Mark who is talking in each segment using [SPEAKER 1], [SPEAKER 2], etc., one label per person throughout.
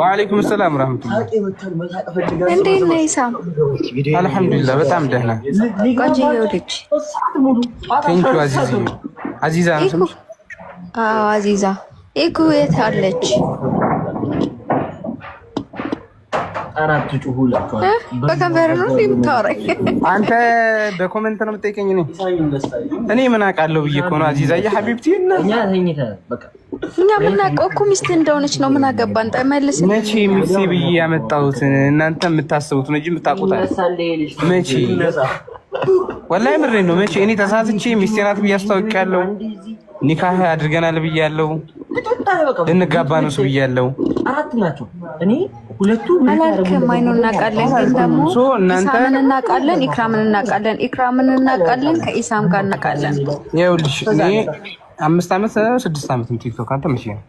[SPEAKER 1] ዋአሌይኩም ሰላም ረህመቱላህ። እንዴት አልሐምዱሊላህ በጣም ደህና። ቴንኪው አዚዛ። አዚዛ ነሽ?
[SPEAKER 2] አዚዛ። እኮ የት አለች? በከንፈር ነው የምታወራኝ
[SPEAKER 1] አንተ? በኮመንት ነው የምጠይቀኝ? እኔ ምን አውቃለሁ ብዬ እኮ ነው አዚዛዬ። ሀቢብቲ እኛ
[SPEAKER 2] የምናውቀው እኮ እንደሆነች ነው። ምን አገባን? ጠመልስ
[SPEAKER 1] መቼ ሚስቴ ብዬ ያመጣሁትን እናንተ የምታስቡት ነው እንጂ የምታውቁት መቼ ወላሂ ምሬ ነው። መቼ እኔ ተሳስቼ ሚስቴ ናት ብዬ አስታውቂያለሁ ኒካህ አድርገናል ብያለው። ልንጋባ ነው እሱ አራት ናቸው።
[SPEAKER 2] እኔ ሁለቱ አላልክም። አይኑን እናውቃለን፣ ግን ደግሞ
[SPEAKER 1] ኢሳምን
[SPEAKER 2] እናቃለን፣ ኢክራምን እናቃለን፣ ኢክራምን እናቃለን፣ ከኢሳም ጋር እናውቃለን።
[SPEAKER 1] ይኸውልሽ እኔ አምስት ዓመት ስድስት ዓመት ቲክቶክ አንተ መቼ ነው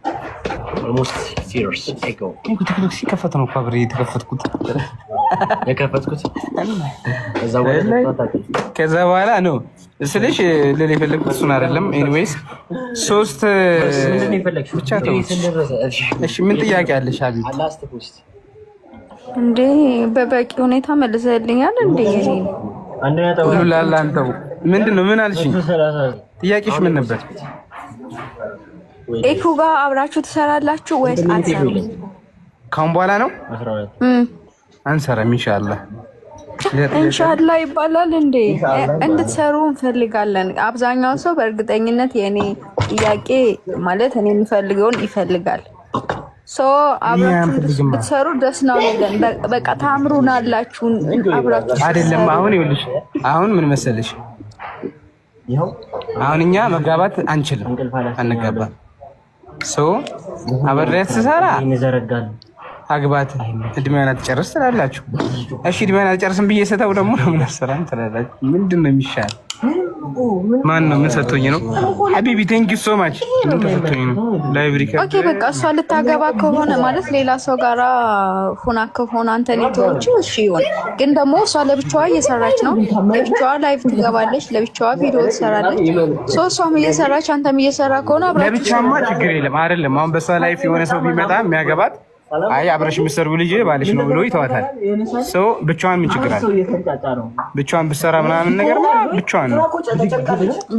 [SPEAKER 1] ኦልሞስት ፊርስ ኤጎ ቲክቶክ ሲከፈት ነው እኮ የተከፈትኩት የከፈትኩት ከዛ በኋላ ነው ስልሽ ልል የፈለግኩት እሱን አይደለም። ኤኒዌይስ ሶስት ብቻ ምን ጥያቄ አለሽ? አቢ
[SPEAKER 2] እንዴ በበቂ ሁኔታ መልሰልኛል። እንዴ
[SPEAKER 1] ሁሉ አንተው ምንድን ነው ምን አልሽኝ? ጥያቄሽ ምን ነበር?
[SPEAKER 2] ኤኩ ጋር አብራችሁ ትሰራላችሁ ወይስ አትሰሩ?
[SPEAKER 1] ካሁን በኋላ ነው አንሰራም። ኢንሻአላ
[SPEAKER 2] ኢንሻአላ ይባላል እንዴ! እንድትሰሩ እንፈልጋለን። አብዛኛው ሰው በእርግጠኝነት የኔ ጥያቄ ማለት እኔ የምፈልገውን ይፈልጋል። ሶ አብራችሁ ብትሰሩ ደስ ነው የሚለን። በቃ ታምሩን አላችሁን
[SPEAKER 1] አይደለም። አሁን ይኸውልሽ፣ አሁን ምን መሰለሽ፣ አሁን እኛ መጋባት አንችልም፣ አንጋባም ሶ አበሬያት ስሰራ አግባት እድሜዋን አትጨርስ ትላላችሁ። እሺ እድሜዋን አትጨርስም ብዬ ስተው ደግሞ ለምን አሰራም ትላላችሁ። ምንድን ነው የሚሻል? ማን ነው? ምን ሰጥቶኝ ነው? ሀቢቢ ቴንክ ዩ ሶ ማች። ምን ተሰጥቶኝ
[SPEAKER 2] ነው? ላይብሪ ኦኬ። በቃ እሷ ልታገባ ከሆነ ማለት ሌላ ሰው ጋራ ሁና ከሆነ አንተ ኔትዎቹ እሺ ይሆን። ግን ደግሞ እሷ ለብቻዋ እየሰራች ነው። ለብቻዋ ላይቭ ትገባለች፣ ለብቻዋ ቪዲዮ ትሰራለች። ሶ እሷም እየሰራች አንተም እየሰራ ከሆነ
[SPEAKER 1] አብራ ለብቻማ ችግር የለም አይደለም። አሁን በእሷ ላይፍ የሆነ ሰው ቢመጣ የሚያገባት አይ አብረሽ የምትሰርቡ ልጅ ባልሽ ነው ብሎ ይተዋታል። ሰው ብቻዋን ምን ችግር አለ? ብቻዋን ብትሰራ ምናምን ነገር ብቻዋን ነው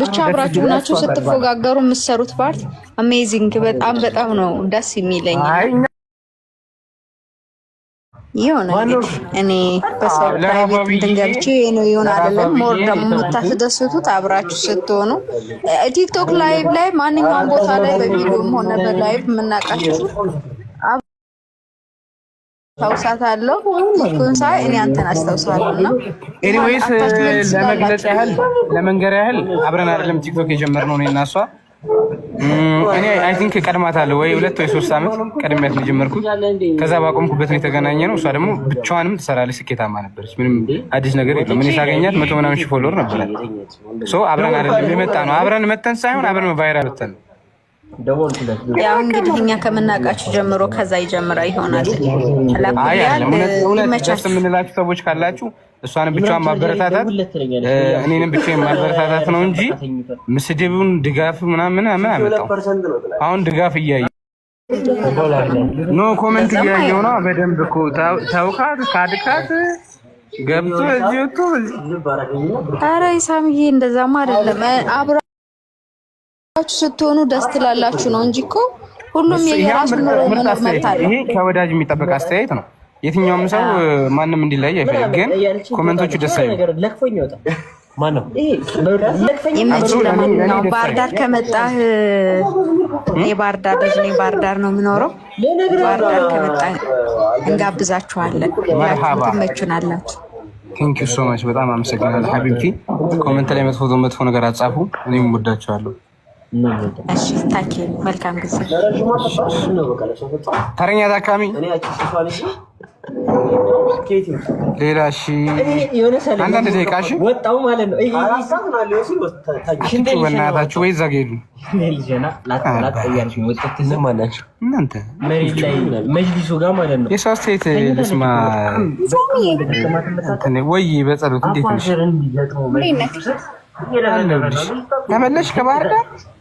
[SPEAKER 2] ብቻ አብራችሁ ናችሁ ስትፎጋገሩ የምትሰሩት ፓርት አሜዚንግ፣ በጣም በጣም ነው ደስ የሚለኝ። የሆነ እኔ በሰው ፕራይቬት ነው የሆነ አይደለም። ሞር ደግሞ የምታስደስቱት አብራችሁ ስትሆኑ ቲክቶክ ላይቭ ላይ ማንኛውም ቦታ ላይ በቪዲዮም ሆነ በላይቭ የምናውቃችሁ ታውሳት አለው እሱን ሳይ እኔ አንተን አስታውሳለሁ።
[SPEAKER 1] ኤኒዌይስ ለመግለጽ ያህል ለመንገር ያህል አብረን አይደለም ቲክቶክ የጀመርነው እኔ እና እሷ። እኔ አይ ቲንክ ቀድማታለሁ ወይ ሁለት ወይ ሶስት ዓመት ቀድሚያት የጀመርኩት። ከዛ ባቆምኩበት ነው የተገናኘ ነው። እሷ ደግሞ ብቻዋንም ትሰራለች፣ ስኬታማ ነበረች። ምንም አዲስ ነገር የለም። እኔ ሳገኛት መቶ ምናምን ሺህ ፎሎወር ነበረ። አብረን አይደለም የመጣ ነው። አብረን መተን ሳይሆን አብረን ቫይራል ወተን ነው
[SPEAKER 2] ያው እንግዲህ እኛ ከምናውቃችሁ ጀምሮ ከዛ ይጀምራ ይሆናል።
[SPEAKER 1] እውነት የምንላችሁ ሰዎች ካላችሁ እሷንም ብቻዋን ማበረታታት እኔንም ብቻዬን ማበረታታት ነው እንጂ ምስድቡን ድጋፍ ምናምን ምን አመጣው? አሁን ድጋፍ እያየ ኖ ኮመንት እያየው ነው። በደንብ እኮ ተውካት ካድካት ገብቶ እዚህ ወጥቶ
[SPEAKER 2] ኧረ ኢሳምዬ እንደዛማ አይደለም አብራ ስትሆኑ ደስ ትላላችሁ ነው እንጂ እኮ ሁሉም የራሱ ኑሮ መኖር
[SPEAKER 1] ይሄ ከወዳጅ የሚጠበቅ አስተያየት ነው። የትኛውም ሰው ማንም እንዲለይ አይፈልግ፣ ግን ኮመንቶቹ ደስ አይሉ ነው።
[SPEAKER 2] ባህር ዳር ከመጣህ የባህር ዳር ልጅ ነኝ፣ ባህር ዳር ነው የምኖረው። ባህር ዳር ከመጣህ እንጋብዛችኋለን፣
[SPEAKER 1] ትመቹናላችሁ። ቴንክ ዩ ሶ ማች በጣም አመሰግናለሁ ሀቢብቲ። ኮመንት ላይ መጥፎ መጥፎ ነገር አጻፉ፣ እኔም ወዳቸዋለሁ። መልካም ጊዜ። ተረኛ ታካሚ ሌላ አንዳንድ ደቂቃ ወጣው ማለት ነው። በእናታችሁ ወይ እዛ ሄዱ። እናንተ መጅሊሱ ጋር ማለት ነው። የሰው አስተያየት ልስማ ወይ በጸሎት እንዴት ነሽ? ተመለሽ ከባህር ዳር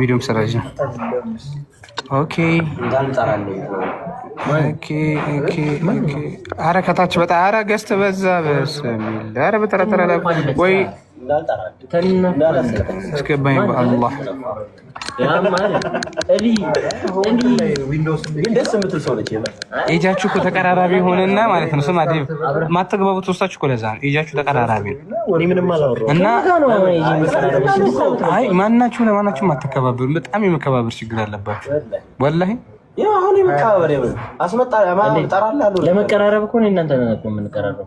[SPEAKER 1] ቪዲዮም ሰራጅ ነው። ኦኬ አረ ከታች በጣም አረ ገዝት በዛ። በስሚል አረ በተረተረ ወይ አስገባኝ ኤጃችሁ ተቀራራቢ ሆነና ማለት ነው። ስማ ዴቭ ማተግባቡት ውስጣችሁ እኮ ለዛ ነው። ኤጃችሁ ተቀራራቢ ነው እና ማናችሁ ለማናችሁ ማተከባበሩ በጣም የመከባበር ችግር አለባችሁ ወላሂ
[SPEAKER 3] ለመቀራረብ እኮ እናንተ ነው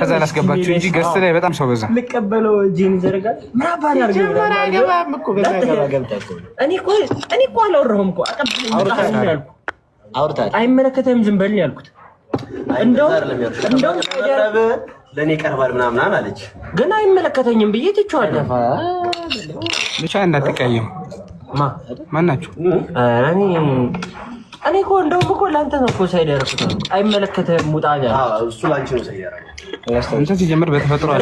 [SPEAKER 1] ከዛ ላስገባችሁ እንጂ ገስት ላይ በጣም ሰው በዛ።
[SPEAKER 3] ልቀበለው እጄን ይዘረጋል። ምን እኔ አይመለከተም ዝም በል ያልኩት።
[SPEAKER 4] ለእኔ ምናምን አለች፣
[SPEAKER 3] ግን አይመለከተኝም ብዬ
[SPEAKER 1] ብቻ እንዳትቀየም ማናችሁ
[SPEAKER 3] እኔ እኮ እንደውም እኮ ለአንተ ነው እኮ ሳይድ አይመለከትህም። ውጣ እሱ ለአንቺ ነው
[SPEAKER 1] ሳይድ ያደረገው። አንተ ሲጀምር በተፈጥሮ አይ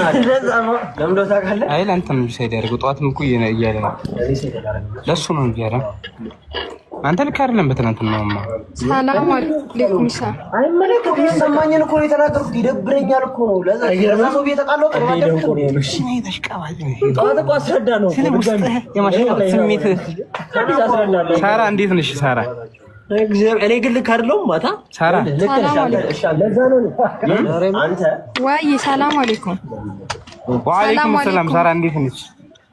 [SPEAKER 1] ለአንተ ነው ሳይድ ጠዋትም እኮ እያለ ነው ለእሱ ነው እንጂ አንተ ልክ አይደለም። በትናንትና ነው
[SPEAKER 2] ይደብረኛል እኮ
[SPEAKER 3] ነው ለዛ አስረዳ ነው ስሜት
[SPEAKER 1] ሳራ እንዴት ነሽ ሳራ
[SPEAKER 3] እኔ ግን ልክ አይደለሁም። ማታ
[SPEAKER 2] ወይ ሰላም አለይኩም
[SPEAKER 1] ወአለይኩም ሰላም። ሳራ እንዴት ነች?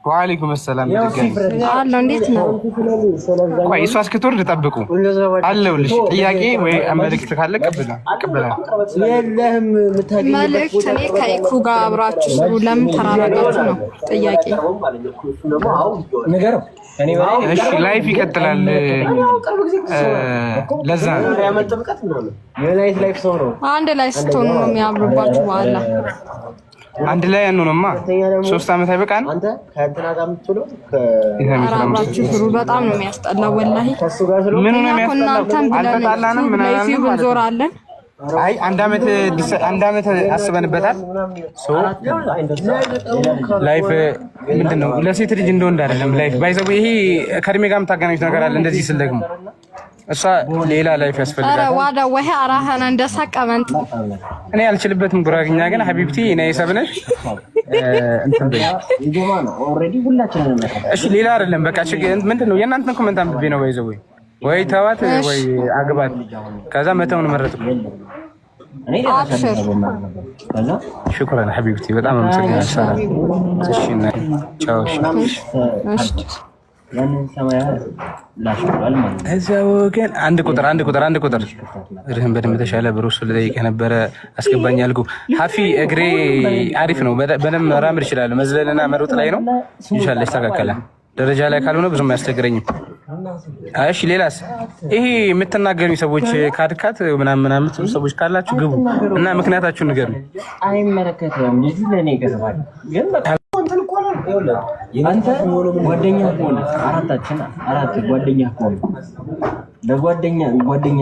[SPEAKER 1] ወአለይኩም ሰላም። አለው እንዴት ነው? ቆይ እሷ እስክትወርድ ጠብቁ አለሁልሽ። ጥያቄ ወይ መልእክት ካለ ቀብላ ቀብላ
[SPEAKER 2] የለህም መልእክት። እኔ ከኢኩ ጋር አብራችሁ ስሩ። ለምን ተራራቃችሁ ነው ጥያቄ
[SPEAKER 1] ላይፍ ይቀጥላል። ለዛ
[SPEAKER 2] አንድ ላይ ስትሆኑ ነው የሚያምርባችሁ። በኋላ
[SPEAKER 1] አንድ ላይ ያንሆነማ ሶስት ዓመት አይበቃን? አብራችሁ
[SPEAKER 2] ስሩ። ምን ነው የሚያስጠላው ወላሂ። እናንተን ብለን ብንዞራለን
[SPEAKER 1] አይ አንድ አመት አንድ አመት አስበንበታል። ሶ ላይፍ ምንድን ነው ለሴት ልጅ እንደ ወንድ አይደለም። ላይፍ ባይዘው ይሄ ከእድሜ ጋር የምታገናኙት ነገር አለ። እንደዚህ ስል ደግሞ እሷ ሌላ ላይፍ
[SPEAKER 2] ያስፈልጋል። ዋዳ ወይ አራሃና እንደሳቀመንት
[SPEAKER 1] እኔ አልችልበትም። ጉራግኛ ግን ሀቢብቲ እና የሰብነሽ እንትን እሺ፣ ሌላ አይደለም። በቃ ምንድን ነው የእናንተን ኮመንት አንብቤ ነው ባይዘው ወይ ተዋት ወይ አግባት። ከዛ መተውን መረጥኩ። ሽኩራን ሐቢብቲ በጣም አመሰግናለሁ። እዛ ወገን አንድ ቁጥር አንድ ቁጥር አንድ ቁጥር እድህን በደንብ ተሻለ በሮሱ ልጠይቅህ ነበረ አስገባኝ ያልኩህ። ሀፊ እግሬ አሪፍ ነው፣ በደንብ መራመድ እችላለሁ። መዝለልና መሮጥ ላይ ነው። ኢንሻላህ ይስተካከላል። ደረጃ ላይ ካልሆነ ብዙም አያስቸግረኝም። እሺ ሌላስ? ይሄ የምትናገሩ ሰዎች ካድካት ምናምን ምናምን ሰዎች ካላችሁ ግቡ እና ምክንያታችሁ ንገሩ። አይመለከትም ልጁ ለእኔ ገባል አንተ ጓደኛ ሆነ አራታችን አራት ጓደኛ ሆነ ለጓደኛ ጓደኛ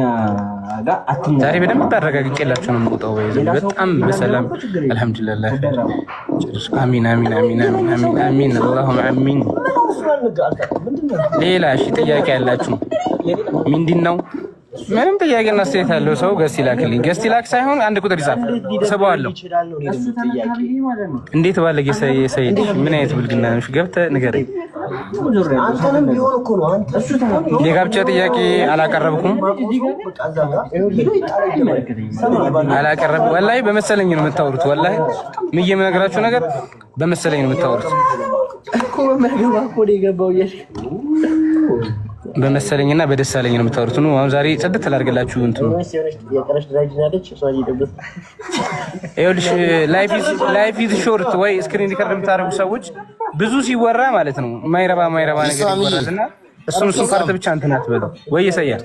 [SPEAKER 1] ጋር አትነ ዛሬ በደንብ አረጋግጬላችሁ ነው የምወጣው። በጣም በሰላም አልሐምዱሊላህ። አሚን አሚን አሚን አሚን አሚን አሚን አላሁም አሚን። ሌላ እሺ ጥያቄ ያላችሁ ምንድን ነው? ምንም ጥያቄና አስተያየት ያለው ሰው ገስት ይላክልኝ። ገስት ይላክ ሳይሆን አንድ ቁጥር ይጻፍ ስበዋለሁ። እንዴት ባለ ሰይድ ምን አይነት ብልግና ነው? ገብተህ ንገረኝ። የጋብቻ ጥያቄ አላቀረብኩም አላቀረብ ወላሂ በመሰለኝ ነው የምታወሩት። ወላሂ ምን የምነግራችሁ ነገር በመሰለኝ ነው የምታወሩት። በመሰለኝ በመሰለኝና በደሳለኝ ነው የምታወሩት። ነው አሁን ዛሬ ጸደት ተላርገላችሁ እንትኑ ይኸውልሽ፣ ላይፍ ኢዝ ሾርት ወይ ስክሪን ሪከርድ የምታደርጉ ሰዎች ብዙ ሲወራ ማለት ነው ማይረባ ማይረባ ነገር ይወራልና እሱን እሱን ፓርት ብቻ እንትን አትበሉ ወይ ይሰያል።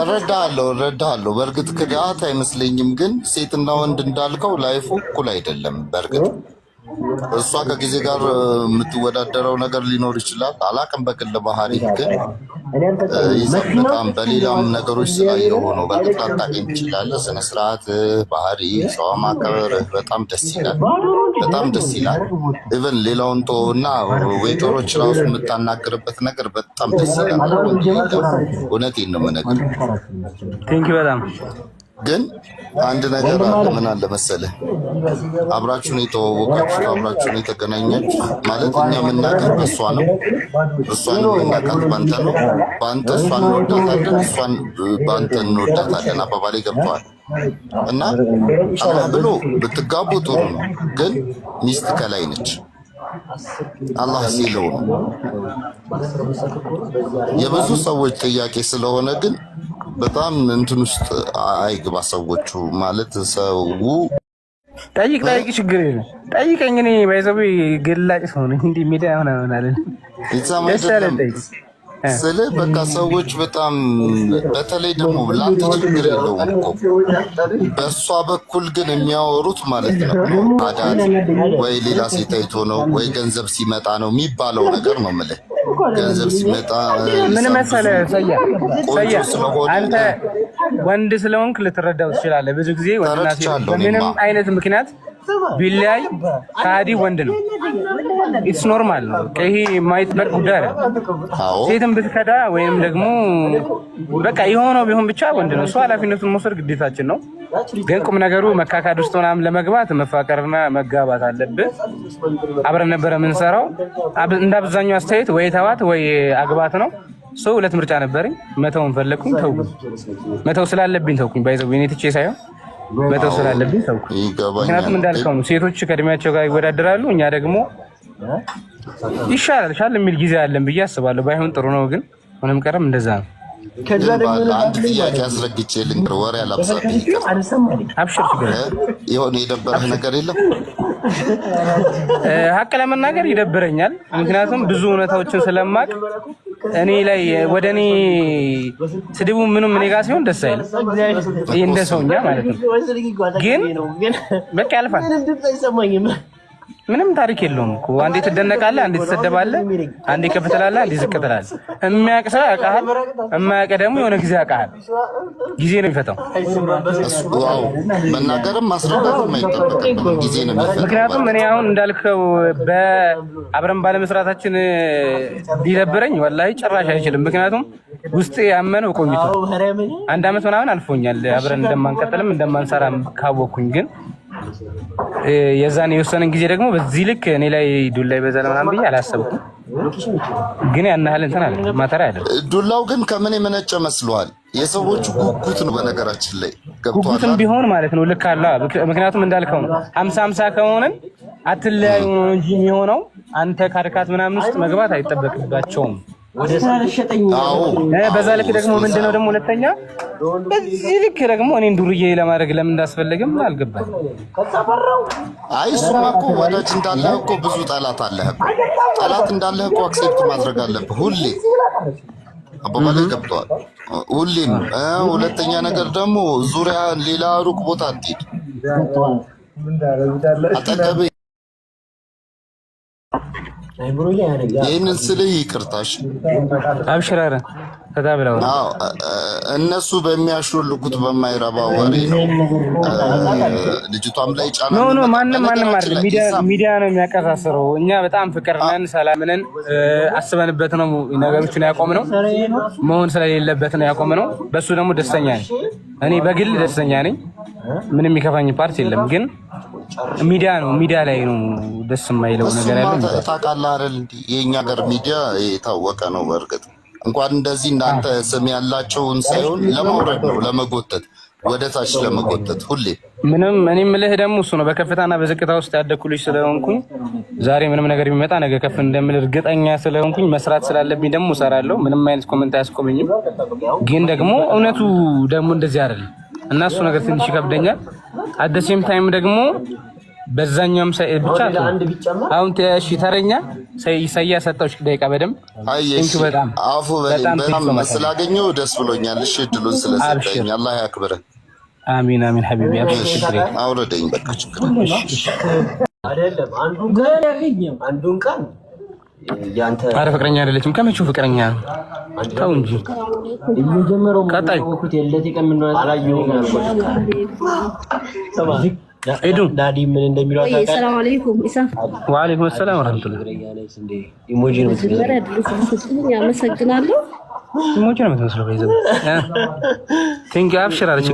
[SPEAKER 4] እረዳለሁ እረዳለሁ። በእርግጥ ክዳት አይመስለኝም፣ ግን ሴትና ወንድ እንዳልከው ላይፉ እኩል አይደለም በእርግጥ እሷ ከጊዜ ጋር የምትወዳደረው ነገር ሊኖር ይችላል። አላቅም በግል ባህሪ ግን ይዘት በጣም በሌላም ነገሮች ስላየሆ ነው። በግል አታውቂም ትችላለህ። ስነስርዓት፣ ባህሪ፣ ሰው ማክበር በጣም ደስ ይላል። በጣም ደስ ይላል። ኢቨን ሌላውን ጦ እና ዌይተሮች ራሱ የምታናግርበት ነገር በጣም ደስ ይላል። እውነት ነው የምነግርህ። ቴንኪው በጣም ግን አንድ ነገር አለ። ምን አለ መሰለ፣ አብራችሁን የተዋወቃችሁ አብራችሁን የተገናኛችሁ ማለት እኛ የምናውቃት በእሷ ነው፣ እሷን የምናውቃት በአንተ ነው። በአንተ እሷን እንወዳታለን፣ እሷን በአንተ እንወዳታለን። አባባሌ ገብተዋል። እና አላህ ብሎ ብትጋቡ ጥሩ ነው፣ ግን ሚስት ከላይ ነች። አላህ ሲለው ነው የብዙ ሰዎች ጥያቄ ስለሆነ ግን በጣም እንትን ውስጥ አይግባ። ሰዎቹ ማለት ሰው
[SPEAKER 1] ጠይቅ ጠይቅ፣ ችግር የለም ጠይቀኝ። እኔ ባይዘቡ ግላጭ ሰው ነኝ። እንዲህ ሜዳ ሆና ሆናለን
[SPEAKER 4] ይሳ ስለ በቃ ሰዎች በጣም በተለይ ደግሞ ለአንተ ችግር የለውም እኮ በእሷ በኩል ግን የሚያወሩት ማለት ነው አዳሪ ወይ ሌላ ሴት አይቶ ነው ወይ ገንዘብ ሲመጣ ነው የሚባለው ነገር ነው የምልህ። ገንዘብ
[SPEAKER 1] ሲመጣ ምን መሰለህ ሰያ አንተ ወንድ ስለሆንክ ልትረዳው ትችላለህ። ብዙ ጊዜ ወንድና ሴት በምንም አይነት ምክንያት ቢለያይ ሳዲ ወንድ ነው። ኢትስ ኖርማል ነው። ይሄ የማይጥበል ጉዳይ አይደል። ሴትም ብትከዳ ወይም ደግሞ በቃ የሆነው ቢሆን ብቻ ወንድ ነው። እሱ ኃላፊነቱን መውሰድ ግዴታችን ነው። ግን ቁም ነገሩ መካካድ ውስጥ ምናምን ለመግባት መፋቀርና መጋባት አለብህ። አብረን ነበረ የምንሰራው። እንደ አብዛኛው አስተያየት ወይ ተዋት ወይ አግባት ነው። ሰው ሁለት ምርጫ ነበረኝ። መተውን ፈለግኩኝ፣ ተውኩኝ። መተው ስላለብኝ ተውኩኝ። ባይዘው የኔ ሳይሆን መተው ስላለብኝ ተውኩ። ምክንያቱም እንዳልከው ነው፣ ሴቶች ከእድሜያቸው ጋር ይወዳደራሉ። እኛ ደግሞ ይሻላል ሻል የሚል ጊዜ አለን ብዬ አስባለሁ። ባይሆን ጥሩ ነው፣ ግን ምንም ቀረም እንደዛ ነው። አንድ ጥያቄ አስረግቼ ልንገር፣ ወሬ አላብዛብኝ። የሆነ የደበረህ ነገር የለም? ሀቅ ለመናገር ይደብረኛል፣ ምክንያቱም ብዙ እውነታዎችን ስለማቅ እኔ ላይ ወደ እኔ ስድቡ ምንም እኔ ጋር ሲሆን ደስ አይልም። እንደ ሰውኛ ማለት ነው። ግን በቃ ያልፋል። ምንም ታሪክ የለውም እኮ አንዴ ትደነቃለህ፣ አንዴ ትሰደባለህ፣ አንዴ ከፍ ትላለህ፣ አንዴ ዝቅ ትላለህ። የሚያውቅ ሰው ያውቃል፣ የማያውቅ ደግሞ የሆነ ጊዜ ያውቃል። ጊዜ ነው የሚፈታው።
[SPEAKER 4] መናገርም ማስረዳትም አይጠበቅም፣
[SPEAKER 1] ጊዜ ነው የሚፈታው። ምክንያቱም እኔ አሁን እንዳልከው በአብረን ባለመስራታችን ሊደብረኝ ወላሂ ጭራሽ አይችልም። ምክንያቱም ውስጥ ያመነው ቆይቶ አንድ አመት ምናምን አልፎኛል አብረን እንደማንቀጥልም እንደማንሰራም ካወቅኩኝ ግን የዛን የወሰነን ጊዜ ደግሞ በዚህ ልክ እኔ ላይ ዱላ ይበዛል ምናምን ብዬ አላሰብኩም። ግን ያን ያህል እንትን አለ ማተራ ያለ
[SPEAKER 4] ዱላው ግን ከምን የመነጨ መስሏል? የሰዎቹ ጉጉት ነው። በነገራችን ላይ
[SPEAKER 1] ጉጉትም ቢሆን ማለት ነው ልክ አለ። ምክንያቱም እንዳልከው ነው ሀምሳ ሀምሳ ከሆነን አትለያዩ ነው እንጂ የሚሆነው አንተ ካድካት ምናምን ውስጥ መግባት አይጠበቅባቸውም። በዛ ልክ ደግሞ ምንድነው ደግሞ ሁለተኛ በዚህ ልክ ደግሞ እኔን ዱርዬ ለማድረግ ለምን እንዳስፈለግም አልገባኝም።
[SPEAKER 4] አይ እሱማ እኮ ወዳጅ እንዳለህ እኮ ብዙ ጠላት አለህ። ጠላት እንዳለህ እኮ አክሴፕት ማድረግ አለብህ ሁሌ። አባባል ገብተዋል። ሁሌም ሁለተኛ ነገር ደግሞ ዙሪያ ሌላ ሩቅ ቦታ አትሄድ አጠገብህ ይህንን ስል ይቅርታሽ
[SPEAKER 1] አብሽራረ ተታብለው
[SPEAKER 4] እነሱ በሚያሾልኩት በማይረባ ወሬ ነው
[SPEAKER 1] ልጅቷም ላይ ጫና ኖ ኖ ማንም ማንም አይደለም። ሚዲያ ነው የሚያቀሳስረው። እኛ በጣም ፍቅር ነን፣ ሰላም ነን። አስበንበት ነው ነገሮችን ያቆም ነው መሆን ስለሌለበት ነው ያቆም ነው። በሱ ደግሞ ደስተኛ ነኝ እኔ በግል ደስተኛ ነኝ። ምንም የሚከፋኝ ፓርት የለም ግን ሚዲያ ነው። ሚዲያ ላይ ነው ደስ የማይለው ነገር ያለ
[SPEAKER 4] ታውቃለህ አይደል? እንዲ የእኛ ሀገር ሚዲያ የታወቀ ነው። በእርግጥ እንኳን እንደዚህ እናንተ ስም ያላቸውን ሳይሆን ለማውረድ ነው፣ ለመጎተት ወደ ታች ለመጎተት ሁሌ
[SPEAKER 1] ምንም። እኔ ምልህ ደግሞ እሱ ነው። በከፍታና በዝቅታ ውስጥ ያደኩ ልጅ ስለሆንኩኝ ዛሬ ምንም ነገር ቢመጣ ነገ ከፍ እንደምል እርግጠኛ ስለሆንኩኝ መስራት ስላለብኝ ደግሞ እሰራለሁ። ምንም አይነት ኮመንት አያስቆመኝም። ግን ደግሞ እውነቱ ደግሞ እንደዚህ አይደለም። እና እሱ ነገር ትንሽ ይከብደኛል። አደ አደሴም ታይም ደግሞ በዛኛውም ሳይ ብቻ አሁን እሺ ተረኛ ሳይያ ሰጣውሽ ደቂቃ በደንብ
[SPEAKER 4] በጣም አፉ በጣም ስላገኘው ደስ ብሎኛል። እሺ እድሉን ስለሰጠኝ አላህ ያክብረ። አሚን አሚን። ሀቢቢ አውረደኝ በቃ ችግር አይደለም።
[SPEAKER 1] አንዱን ቃል አረ ፍቅረኛ አይደለችም። ከመቼ ፍቅረኛ ተው እንጂ ቀጣይ ሄዱ ዳዲ
[SPEAKER 2] ምን እንደሚለው ሰላም አለይኩም ኢሳ
[SPEAKER 1] ወአለይኩም ሰላም ወራህመቱላህ። ኢሞጂ ነው የምትመስለው። አብሽር አለች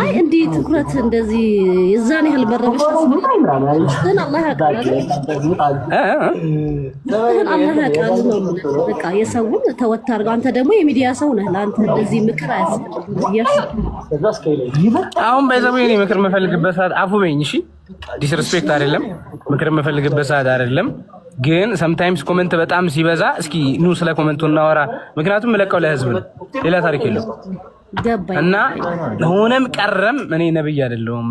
[SPEAKER 2] አይ እንዲህ ትኩረት እንደዚህ የዛን ያህል በረበሽ ግን አላህ ያውቃል። የሰውን ተወት አድርገው። አንተ ደግሞ የሚዲያ ሰው ነህ። ለአንተ እንደዚህ ምክር አያስፈልግም።
[SPEAKER 1] አሁን በዛው የኔ ምክር የምፈልግበት ሰዓት አፉ በይኝ። እሺ ዲስርስፔክት አይደለም፣ ምክር የምፈልግበት ሰዓት አይደለም። ግን ሰምታይምስ ኮመንት በጣም ሲበዛ፣ እስኪ ኑ ስለ ኮመንቱ እናወራ። ምክንያቱም እለቀው ለህዝብ ነው፣ ሌላ ታሪክ የለው እና ሆነም ቀረም እኔ ነብይ አይደለሁም።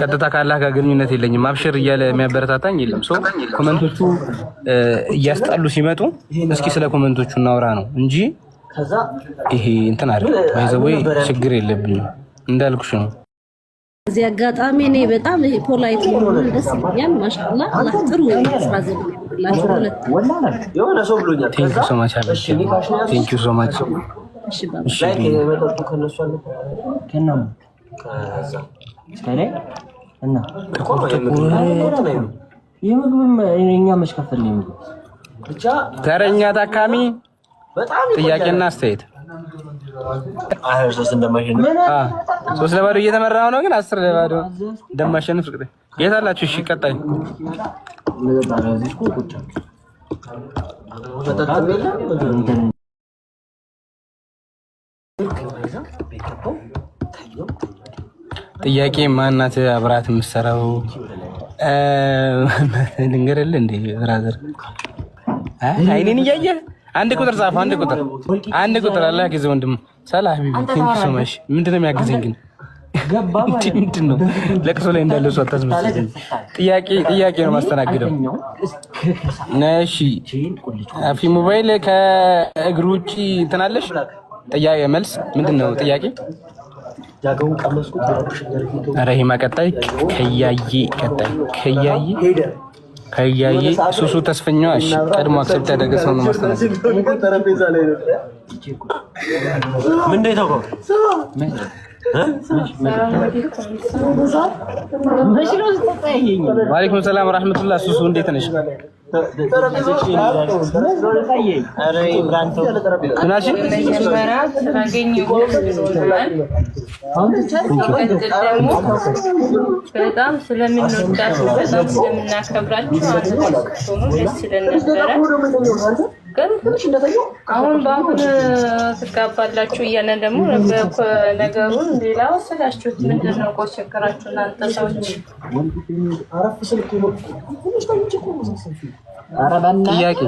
[SPEAKER 1] ቀጥታ ካላህ ጋር ግንኙነት የለኝም። አብሽር እያለ የሚያበረታታኝ የለም። ኮመንቶቹ እያስጠሉ ሲመጡ እስኪ ስለ ኮመንቶቹ እናወራ ነው እንጂ ይሄ እንትን አይደለም። ባይዘወይ ችግር የለብኝም እንዳልኩሽ ነው።
[SPEAKER 2] እዚህ አጋጣሚ እኔ በጣም ፖላይት ሆኖ ደስ ይለኛል። ማሻአላ አላህ ጥሩ ስራ
[SPEAKER 1] የሆነ ሰው ብሎኛል። ሶ
[SPEAKER 3] ማች
[SPEAKER 1] ተረኛ ታካሚ ጥያቄና አስተያየት ሶስት ለባዶ እየተመራ ነው፣ ግን አስር ለባዶ እንደማሸንፍ ፍቅደ የት አላችሁ? እሺ ቀጣይ ጥያቄ ማናት አብራት የምትሰራው ልንገርልህ እንዴ ብራዘር አይኔን እያየህ አንድ ቁጥር ጻፍ። አንድ ቁጥር አንድ ቁጥር አለ። ያግዘህ ወንድም ሰላም ሶመሽ። ምንድን ነው የሚያግዘኝ ግን ምንድን ነው? ለቅሶ ላይ እንዳለ ሰው አታስመስል። ጥያቄ ጥያቄ ነው ማስተናግደው። ነሺ አፊ ሞባይል ከእግሩ ውጭ ትናለሽ? ጥያቄ መልስ ምንድን ነው ጥያቄ? ኧረ ሂማ ቀጣይ ከያዬ ቀጣይ ከያዬ ከያየ ሱሱ ተስፈኛ ቀድሞ አክሰብት ያደረገ ሰው ነው ማለት ነው። ሰላም ወራህመቱላህ። ሱሱ እንዴት ነሽ? በጣም ስለምንወዳችሁ በጣም ስለምናከብራችሁ ደስ ይለን ነበረ። ግን አሁን በአሁን ትጋባላችሁ እያለ ደግሞ ነገሩን ሌላ ወሰዳችሁት። ምንድን ነው ቆይ ችግራችሁ እናንተ ሰዎች? ጥያቄ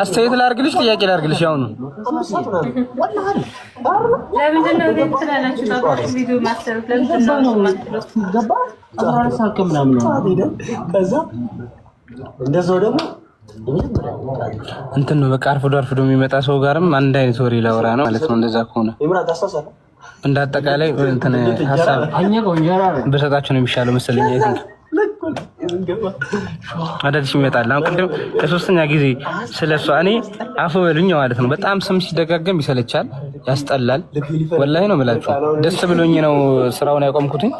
[SPEAKER 1] አስተያየት ላድርግልሽ፣ ጥያቄ ላድርግልሽ። ያሁኑ ነው እንደዛው ደግሞ እንትን ነው በቃ አርፍዶ አርፍዶ የሚመጣ ሰው ጋርም አንድ አይነት ወሬ ላወራ ነው ማለት ነው። እንደዛ ከሆነ እንደ አጠቃላይ እንትን ሀሳብ በሰጣችሁ ነው የሚሻለው መሰለኝ። አዳዲስ ይመጣል። አሁን ቅድም ለሶስተኛ ጊዜ ስለ እሷ እኔ አፍ በሉኝ ማለት ነው። በጣም ስም ሲደጋገም ይሰለቻል፣ ያስጠላል። ወላሂ ነው የምላችሁ። ደስ ብሎኝ ነው ስራውን ያቆምኩትኝ።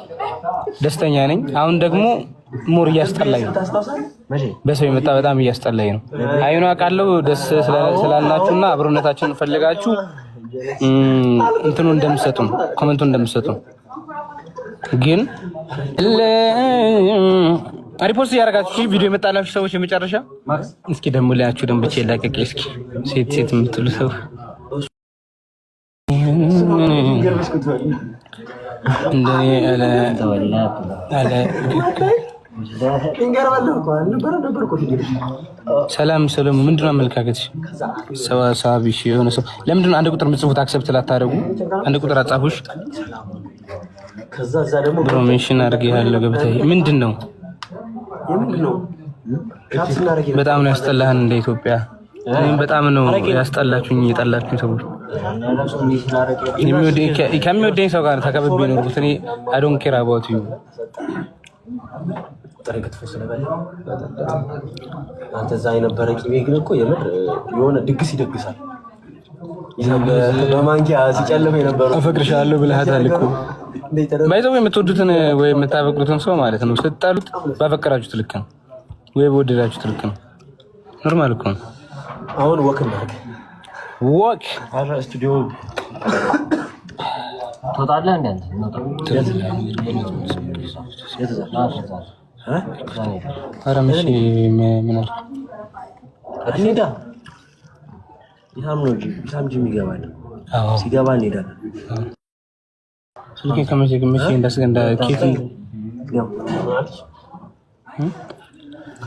[SPEAKER 1] ደስተኛ ነኝ። አሁን ደግሞ ሙር እያስጠላኝ ነው። በሰው የመጣ በጣም እያስጠላኝ ነው። አይኗ አውቃለሁ። ደስ ስላላችሁና አብሮነታችሁን ፈልጋችሁ እንትኑ እንደምሰጡ ኮመንቱ እንደምሰጡ ግን ሪፖርት እያደረጋችሁ ቪዲዮ የመጣላችሁ ሰዎች የመጨረሻ እስኪ ደግሞ ላያችሁ ደግሞ ብቻ እስኪ ሴት ሴት የምትሉ ሰው እንደኔ አለ ሰላም ሰላም፣ ምንድነው አመለካከትሽ? ሰዋሳቢሽ የሆነ ሰው ለምንድነው አንድ ቁጥር ምጽፉት አክሰብት ላታደርጉ? አንድ ቁጥር አጻፉሽ ብሮ ሜንሽን አድርግ ያለው ገብታ ምንድን ነው? በጣም ነው ያስጠላህን። እንደ ኢትዮጵያ በጣም ነው ያስጠላችሁኝ፣ የጠላችሁኝ ሰዎች ከሚወደኝ ሰው ጋር ተከብቤ ነው። እኔ አይ ዶንት ኬር አባውት ዩ የተወጠረ ክትፎ ስለበላ አንተ እዛ የነበረ ቂቤ ግን እኮ የምር የሆነ ድግስ ይደግሳል። በማንኪያ ሲጨልም የነበረው እፈቅርሻለሁ ብለሃታል እኮ ባይዘው የምትወዱትን ወይ የምታፈቅሩትን ሰው ማለት ነው ስትጣሉት ባፈቀራችሁት ልክ ነው ወይ በወደዳችሁት ልክ ነው። ኖርማል እኮ ነው።
[SPEAKER 4] አሁን ወክ እናድርግ።
[SPEAKER 1] ወክ ስቱዲዮ ትወጣለህ እንደ እንሂዳ።
[SPEAKER 4] ኢሳም ነው እንጂ ኢሳም ጂም ይገባል። ሲገባ እንሄዳለን።
[SPEAKER 1] ስልኬ ከመቼ ከመቼ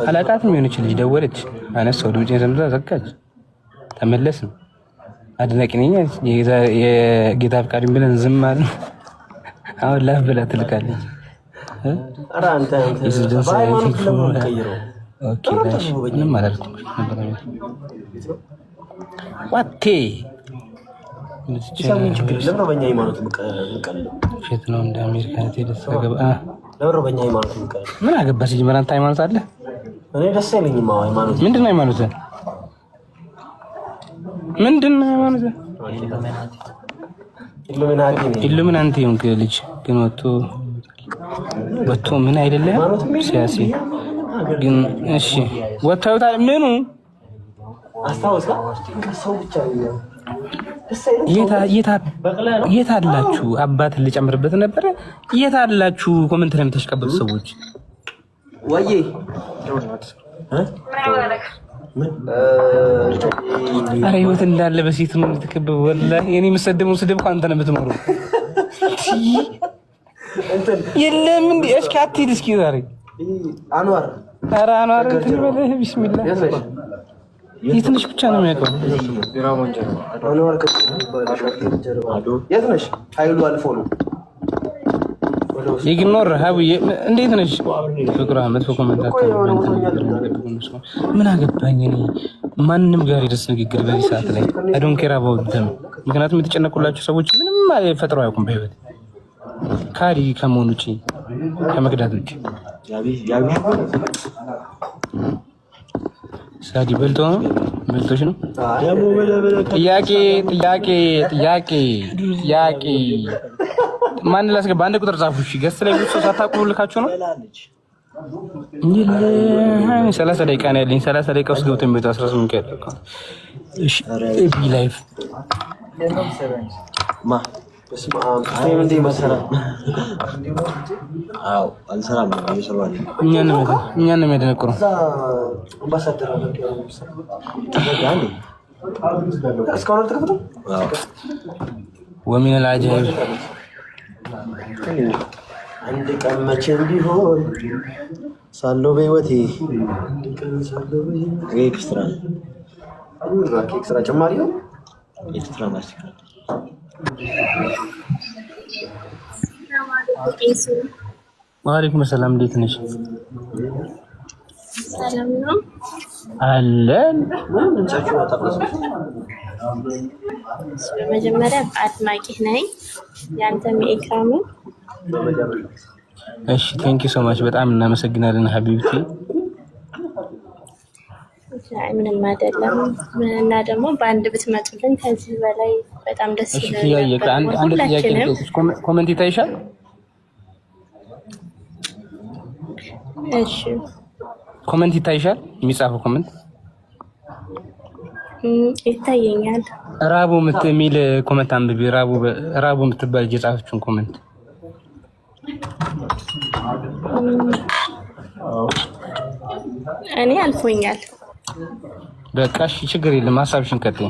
[SPEAKER 1] አላቃትም የሆነች ልጅ ደወለች፣ አነሳው ሰምታ ዘጋች። ተመለስም አድናቂ ነኝ የጌታ ፍቃድ ብለን ዝም አልን። አሁን ላፍ ብላ ትልካለች። ምን አገባሽ? በራንተ ሃይማኖት አለ?
[SPEAKER 4] እኔ ደስ አይለኝም። ሃይማኖት
[SPEAKER 1] ምንድን ነው? ሃይማኖት ምንድን ነው? ሃይማኖት ኢሉሚናቲ ነው። ልጅ ግን ወጥቶ ወጥቶ ምን አይደለም ሲያሲ ግን እሺ ወጥተውታል። ምኑ የት አላችሁ? አባት ልጨምርበት ነበረ። የት አላችሁ? ኮመንት ላይ የምታሽቀብጡ ሰዎች ወዬ አረ ህይወት እንዳለ በሴት ነው የምትከበብ። ወላሂ እኔ የምሰደበው ስድብ እኮ አንተ ነው የምትኖረው። የለም እንዲ እስኪ አትሂድ። እስኪ ዛሬ አንዋር ኧረ አንዋር እንትን ቢስሚላህ ቢስሚላ የትንሽ ብቻ ነው የሚያውቀው። የት ነሽ? ኃይሉ አልፎ ነው ይግኖር ሀብዬ እንዴት ነሽ? ፍቅር አመት ምን አገባኝ እኔ ማንም ጋር የደስ ንግግር በዚህ ሰዓት ላይ አይ ዶንት ኬር አባውት ዘም። ምክንያቱም የተጨነቁላቸው ሰዎች ምንም ፈጥረው አያውቁም በህይወት ካሪ ከመሆን ውጭ ከመክዳት ውጭ ሳዲ በልቶ ነው መልቶች ነው። ጥያቄ ጥያቄ ጥያቄ ጥያቄ ማን ላስገባ? አንድ ቁጥር ጻፉ። እሺ ገስ ላይ ብዙ ሳታቁ ልካችሁ ነው። ሰላሳ ደቂቃ ነው ያለኝ። ሰላሳ ደቂቃ ውስጥ ገብቶ የሚወጣ አስራ ስምንት ቀን እሺ ላይፍ
[SPEAKER 4] እኛን
[SPEAKER 1] የሚያደነቁረው ወሚነል አጃይብ
[SPEAKER 4] አንድ ቀን መቼም ቢሆን ሳለው በህይወቴ ኤክስትራ ኤክስትራ ጭማሪ ነው።
[SPEAKER 1] ዋሌኩም ሰላም፣ እንዴት ነሽ? አለን።
[SPEAKER 2] በመጀመሪያ አድማቂ ነኝ ያንተም የኢክራሙ።
[SPEAKER 1] እሺ ቴንክ ዩ ሶ በጣም እናመሰግናለን ሀቢብቲ።
[SPEAKER 2] ምንም አይደለም እና ደግሞ በአንድ ብትመጡልን ከዚህ በላይ
[SPEAKER 1] በጣም ደስ ይላል። አንድ ጥያቄ ኮመንት ይታይሻል። እሺ ኮመንት ይታይሻል። የሚጻፈው ኮመንት
[SPEAKER 2] ይታየኛል።
[SPEAKER 1] ራቡ የሚል ኮመንት አንብቢ። ራቡ ራቡ የምትባል የጻፈችውን ኮመንት
[SPEAKER 2] እኔ አልፎኛል።
[SPEAKER 1] በቃ ችግር የለም። ሀሳብሽን ቀጥይ።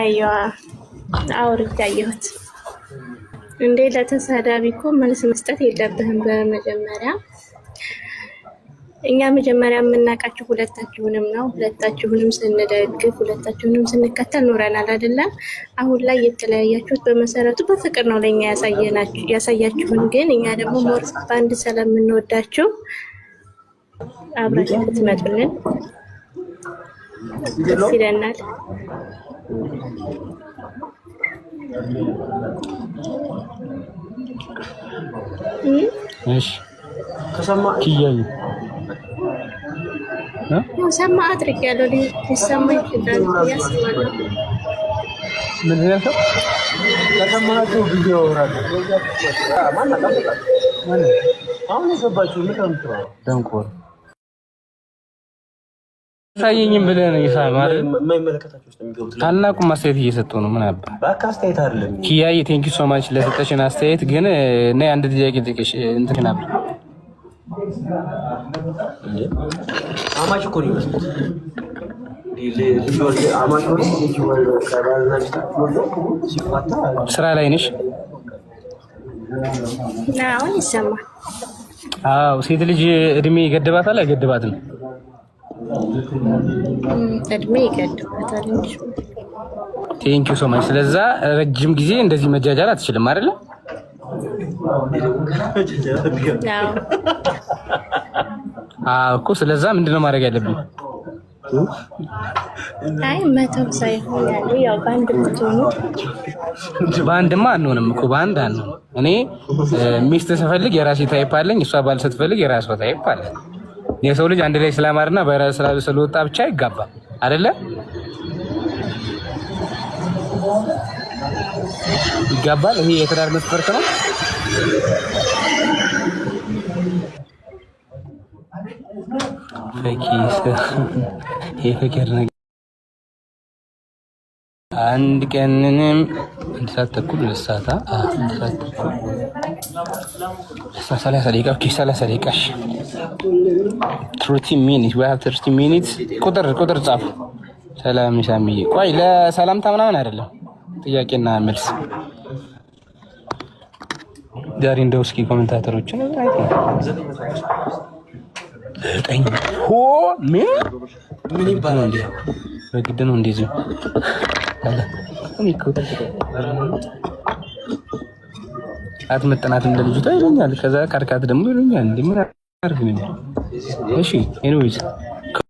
[SPEAKER 2] አይዋ አውር አየሁት እንዴ! ለተሳዳቢ እኮ መልስ መስጠት የለብህም። በመጀመሪያ እኛ መጀመሪያ የምናውቃችሁ ሁለታችሁንም ነው። ሁለታችሁንም ስንደግፍ ሁለታችሁንም ስንከተል ኖረናል አይደለም። አሁን ላይ የተለያያችሁት በመሰረቱ በፍቅር ነው ለእኛ ያሳያችሁን። ግን እኛ ደግሞ ሞር በአንድ ስለምንወዳችሁ አብራችሁ ብትመጡልን ደስ ይለናል።
[SPEAKER 1] እሺ ክያዩ
[SPEAKER 2] ሰማ አድርግ ያለው ሊሰማ ይችላል። ምንድን ነው
[SPEAKER 1] አሁን የገባችሁ ደንቆር ታየኝም ብለህ ነው ይሳም አይደል? ታላቁ አስተያየት እየሰጡ ነው። ምን አባ አይደለም። ኪያዬ፣ ቴንኪ ሶ ማች ለሰጠሽን አስተያየት። ግን እና አንድ ጥያቄ ልጠይቅሽ። እንትን አባ ስራ ላይ ነሽ?
[SPEAKER 2] አሁን ይሰማል?
[SPEAKER 1] አዎ። ሴት ልጅ እድሜ ገድባታል አይገድባትም?
[SPEAKER 2] እድሜ ይገድበታል እንጂ
[SPEAKER 1] ቴንኪው ሶ ማች። ስለዛ ረጅም ጊዜ እንደዚህ መጃጃል አትችልም አይደለም? አዎ እኮ ስለዛ ምንድነው ማድረግ ያለብኝ?
[SPEAKER 2] አይ መተው ሳይሆን ያለው ያው በአንድ ብትሆኑ
[SPEAKER 1] በአንድማ አንሆንም እኮ በአንድ አንሆንም። እኔ ሚስት ስፈልግ የራሴ ታይፕ አለኝ፣ እሷ ባል ስትፈልግ የራሷ ታይፕ አለኝ። የሰው ልጅ አንድ ላይ ስለማርና በራስ ስራ ስለወጣ ብቻ ይጋባ አይደለ? ይጋባል። ይሄ የትዳር መስፈርት ነው። ፈኪስ የፍቅር ነገር አንድ ቀንንም አንድ ሰዓት ተኩል ሁለት አንድ ሰዓት ተኩል ሰላሳ ደቂቃ ኦኬ፣ ሰላሳ ደቂቃ እሺ። ትርቲ ሚኒት ወይ ትርቲ ሚኒት ቁጥር ቁጥር ጻፉ። ሰላም ሳሚዬ፣ ቆይ ለሰላምታ ምናምን አይደለም፣ ጥያቄና መልስ ዛሬ እንደው እስኪ ኮሜንታተሮችን ዘጠኝ ሆ ምን ምን ይባላል? በግድ ነው እንደዚህ ቃት መጠናት እንደ ልጅቷ ይለኛል። ከዛ ካርካት ደግሞ ይለኛል። እንደምን አርግ ነው። እሺ ኤኒዌይስ